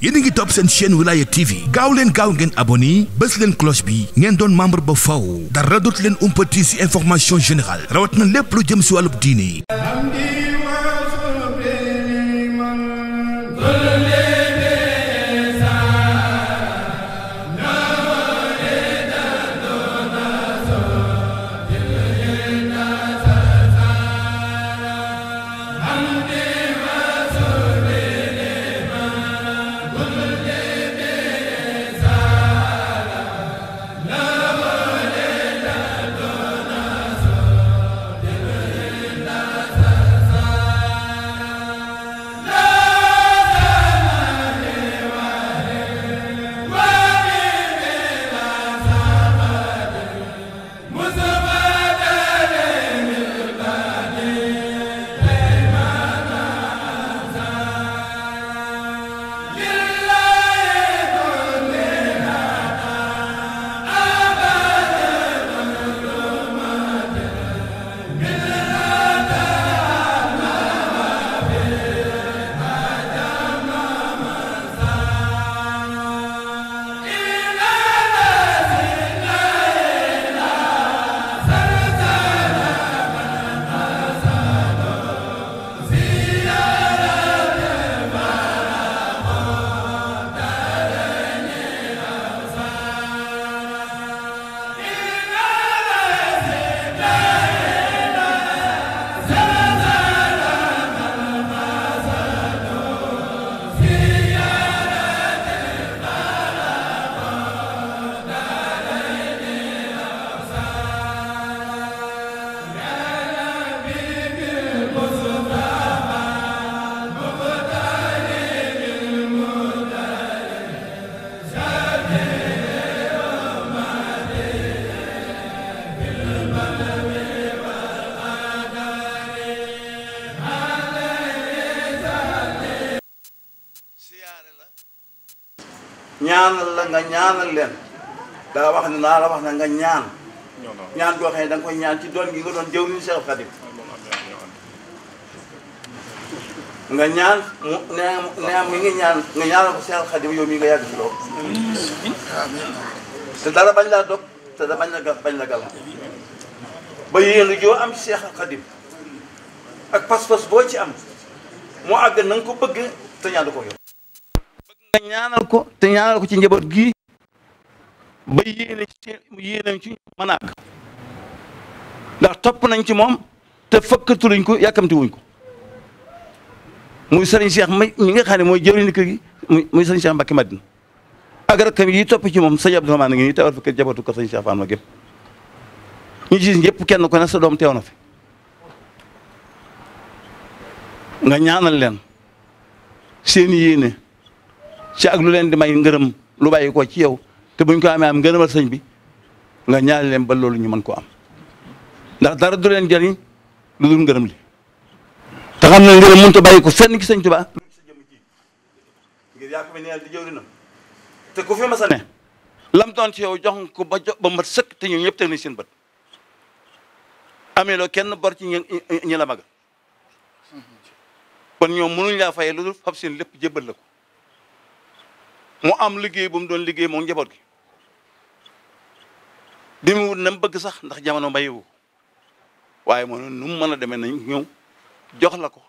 yéen a ngi topp seen chaîne wilaya tv gaaw leen gaaw ngeen abonné bés leen cloche bi ngeen doon membre ba faw dara dootu leen umpati ci information générale rawat na lépp lu jëm ci wàllub diini la nga ñaanal leen daa wax ne naa la wax na nga ñaan ñaan goo xam da nga koy ñaan ci doon gi nga doon jëw ni Cheikh Khadim nga ñaan mu nee na mi ngi ñaan nga ñaanal ko Cheikh Khadim yow mi nga yàgg ci te dara bañ laa dog te da bañ la ga bañ la gal ba yéen joo am ci Cheikh Khadim ak pas-pas boo ci am moo àgg na ko bëgg te ñaan ko yow nga ñaanal ko te ñaanal ko ci njaboot gi ba yéene ci yéenam ci mën a ndax topp nañ ci moom te fëkkatu luñ ko yàkkamti wuñ ko muy sëriñ Cheikh may ñi nga xam ne mooy jëriñu kër mu muy sëriñ Cheikh Mbacke Madina ak rakkam yi topp ci moom sëñ Abdourahmane na ngi nii teewal fa kër jabootu ko sëriñ Cheikh Fane ma gépp ñu gis ñëpp kenn ko ne sa doom teew na fi nga ñaanal leen seen yéene ci ak lu leen di may ngërëm lu bàyyi ko ci yow te buñ ko amee am ngërëmal sëñ bi nga ñaari leen ba loolu ñu mën ko am ndax dara du leen jëriñ lu dul ngërëm li te xam na ngërëm mënut a ko fenn ci sëñ Tuubaa lu sa jëm ji ngir yaa ko fi ku fi mas lam doon ci yow jox ko ba jo ba mat sëkk te ñu ñëpp teg nañ seen bët ame loo kenn bor ci ñi la mag kon ñoom mënuñ laa fayee lu dul fab seen lépp jébbal la ko mu am liggéey bu mu doon liggéey moom njaboot gi bi mu wut na bëgg sax ndax jamono mbayiwu waaye moo nu mu mën a demee nañ ñëw jox la ko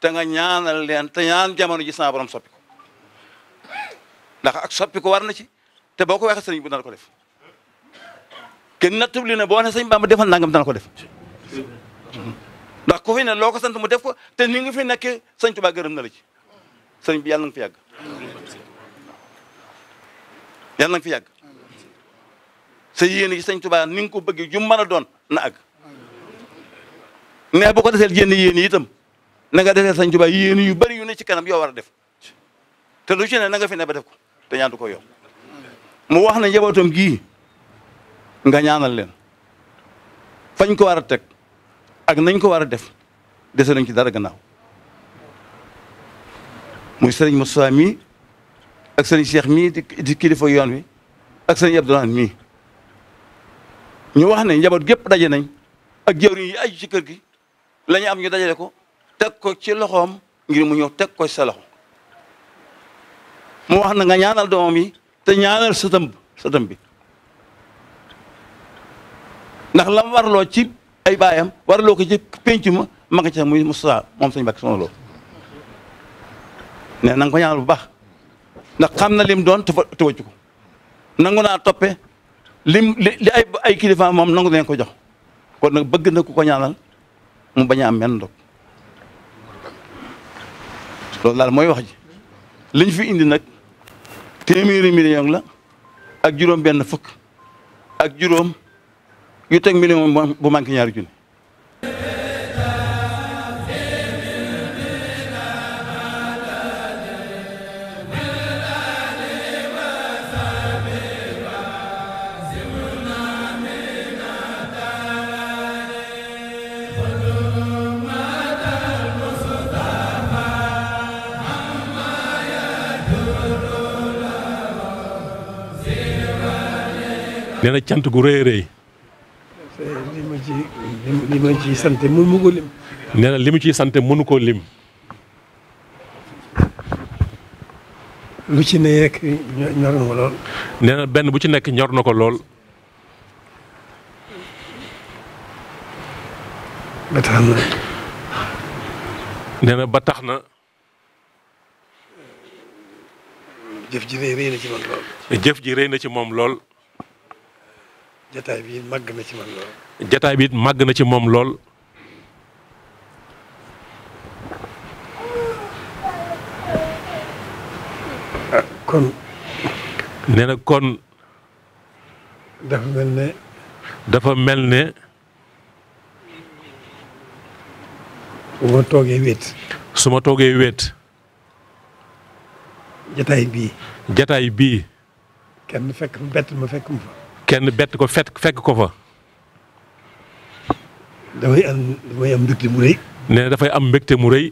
te nga ñaanal leen te ñaan jamono ji sama borom soppi ko ndax ak soppi ko war na ci te boo ko waxee sëriñ bi dana ko def kenn nattab li ne boo ne sëñ Bamba defal nangam dana ko def ndax ku fi ne loo ko sant mu def ko te ni nga fi nekkee sëñ Tuubaa gërëm na la ci sëriñ bi yàlla nga fi yàgg yàlla na fi yàgg sa yéene yi sëñ Tuubaa ni nga ko bëggee ju mën a doon na àgg mais bu ko deseel jénn yéen yi itam nanga nga deseel sëñ Tuubaa yéen yu bari yu ne ci kanam yoo war a def te lu ci ne na nga fi ne ba def ko te ñaan du ko yow mu wax na njabootam gii nga ñaanal leen fañ ko war a teg ak nañ ko war a def dese nañ ci dara gannaaw muy sëriñ Moussa mi ak sëñ Cheikh mii di kilifa yoon wi ak sëñ Abdourahmane mii ñu wax ne njaboot gépp daje nañ ak jëwriñ yi aju ci kër gi la am ñu dajale ko teg ko ci loxoom ngir mu ñëw teg ko ci sa loxo mu wax na nga ñaanal doomam yi te ñaanal sëtam sëtam bi ndax lam warloo ci ay baayam warloo ko ci pénc ma ma nga ca muy Moustapha moom sëñ Mbàkke Soxna ne na nga ko ñaanal bu baax ndax xam na lim doon te fa te wàccu ko nangu naa toppe lim li ay ay kilifa moom nangu nañ ko jox kon nag bëgg na ku ko ñaanal mu bañ a am menn ndog loolu daal mooy wax liñ fi indi nag téeméeri million la ak juróom benn fukk ak juróom yu teg million bu manqué ñaari junni nee cant gu rëy a rëy. li ma ci li ma ci sant mënu ma lim. nee li mu ciy sant mënu koo lim. lu ci ne benn bu ci nekk ñor na ko lool. ba tax ba tax na. jëf ji rëy na ji rëy na ci moom lool. jataay bii màgg na ci man bi màgg na ci moom lool. kon. nee na kon. dafa mel ne. dafa mel ne. bu ma toogee wéet. su ma toogee wéet. jataay bii. jataay bii. kenn fekk bett ma fekk fa. kenn bett ko fekk fekk ko fa. damay am dafay am mu rëy. nee dafay am mbégte mu rëy.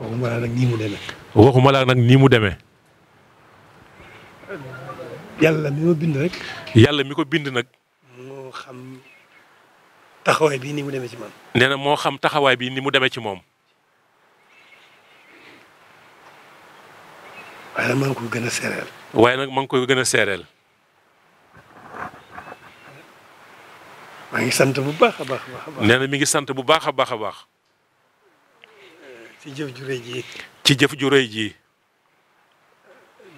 waxuma laa nag nii mu demee. waxuma nii mu demee. yàlla mi bind rek. yàlla mi ko bind nag. moo xam taxawaay bii ni mu deme ci moom. nee na moo xam taxawaay bi ni mu demee ci moom. waaye nag maa ngi koy gën a seereel. waaye nag maa ngi koy gën a seereel. maa sant bu baax a baax a baax. nee ngi sant bu baax baax a baax. ci jëf ju rëy jii. ci jëf ju rëy jii. Eh,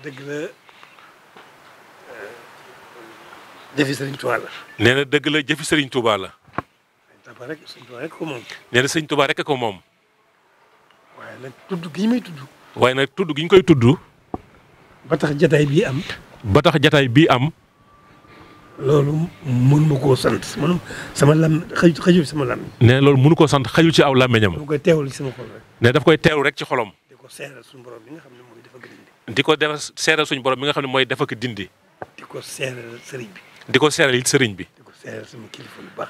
dëgg la jëfi sëriñ Touba la. nee dëgg la jëfi sëriñ tubaa la. nee na sëriñ Touba rek ko moom. waaye nag tudd gi ñu may tudd. waaye nag tudd gi koy tudd. ba tax jataay bii am. ba tax jataay bii am. loolu mun ma koo sant man sama lam xëy xëyul sama lam. nee loolu mënu koo sant xëyul ci aw làmmiñam dama koy teewul sama xol rek. daf koy teewul rek ci xolom di ko seeral suñu borom bi nga xam ne mooy dafa dindi. di ko def seeral suñu borom bi nga xam ne mooy dafa ko dindi. di ko seeral sëriñ bi. di ko seeral sëriñ bi. di ko seeral sama kilifa yu baax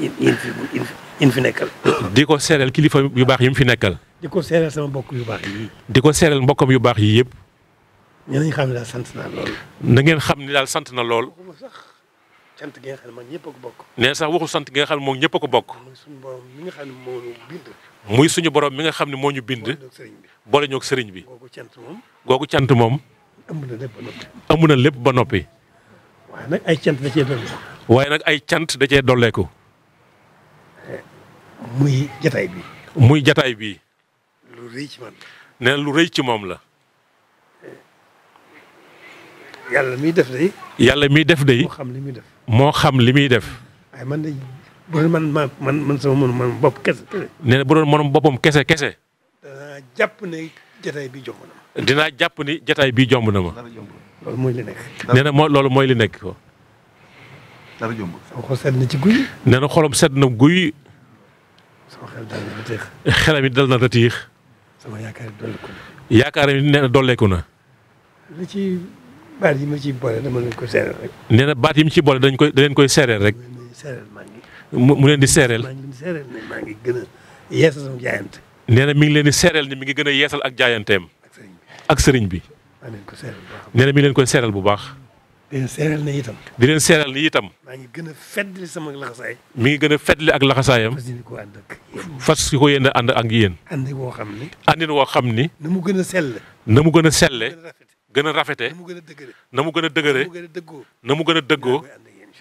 yi yi fi nekkal. di ko seeral kilifa yu baax yi mu fi nekkal. di ko seeral sama mbokk yu baax yi. di ko seeral mbokkam yu baax yii yëpp. ñeneen ñi xam ne daal sant naa lool. na ngeen xam ne daal sant na lool. sant gi nga xam ñëpp a bokk. nee sax waxu sant gi nga xam ne moom ñëpp a ko bokk. muy suñu borom mi nga xam ne moo muy suñu boroom mi nga xam ne moo ñu bind. boole ñoog sëriñ bi. googu cant moom. googu cant moom. ëmb na lépp ba noppi. waaye nag ay cant da cee dolleeku. waaye nag ay cant da cee dolleeku. muy jataay bi. muy jataay bi. lu rëy lu rëy ci moom la. yàlla miy def day yàlla miy def day moo xam li muy def. moo xam li muy def. waaye man de bu doon man man man sama mënu man bopp kese kese. nee na bu doon mënum boppam kese kese. danaa jàpp ne bi jomb dinaa jàpp ni jotaay bi jomb na ma. nee na moo loolu mooy li nekk ko. dara jomb. sama ci guy. nee na xolam sedd na guy. sama xel dal na rëtiix. xelam it dal na rëtiix. sama yaakaar it na. dolleeku na. baat yi ko seereel rek. nee na baat yi mu ciy boole koy da leen koy seereel mu leen di seereel. maa ngi maa ngi gën a yeesal sama jaayante. mi ngi leen di seereel ne mi ngi gën a ak jaayanteem. ak sëriñ bi. maa ko seereel bu mi ngi leen koy seereel bu baax. di leen seereel ne itam. di leen seereel ne itam. maa ngi gën a fëddali sama laxasaay. mi ngi gën a ak laxasaayam. fas yéene koo ànd ak yéen. fas yéene koo yéen ak yéen. àndin woo xam ni. woo xam ni. na mu gën a selle. na mu gën selle. gën a rafete na mu gën a dëgëre na mu gën a dëggoo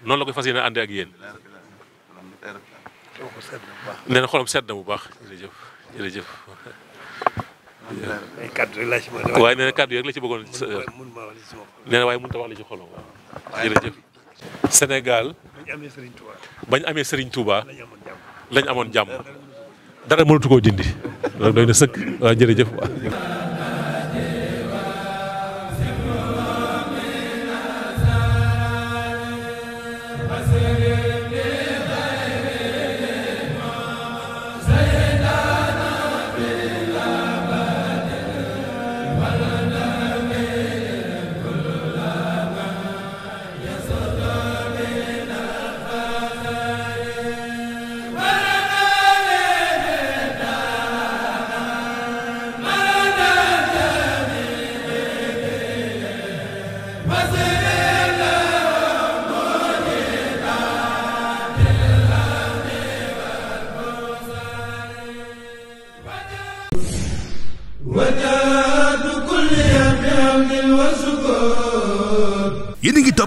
noonu la koy fas yéene àndee ak yéen nee na sedd na bu baax jërëjëf jërëjëf waaye nee na kàddu yi rek la ci bëggoon nee waaye mënut a wax li ci xolam jërëjëf Sénégal bañ amee Serigne Touba lañ amoon jàmm dara mënatu koo dindi loolu na sëkk waaw jërëjëf waaw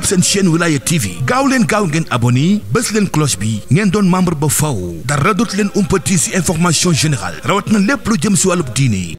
seen chaîne wilaya tv gaaw leen gaaw ngeen abonné bés leen cloche bi ngeen doon membre ba faw dara leen umpati si information général rawat na lépp lu jëm si wàllub diine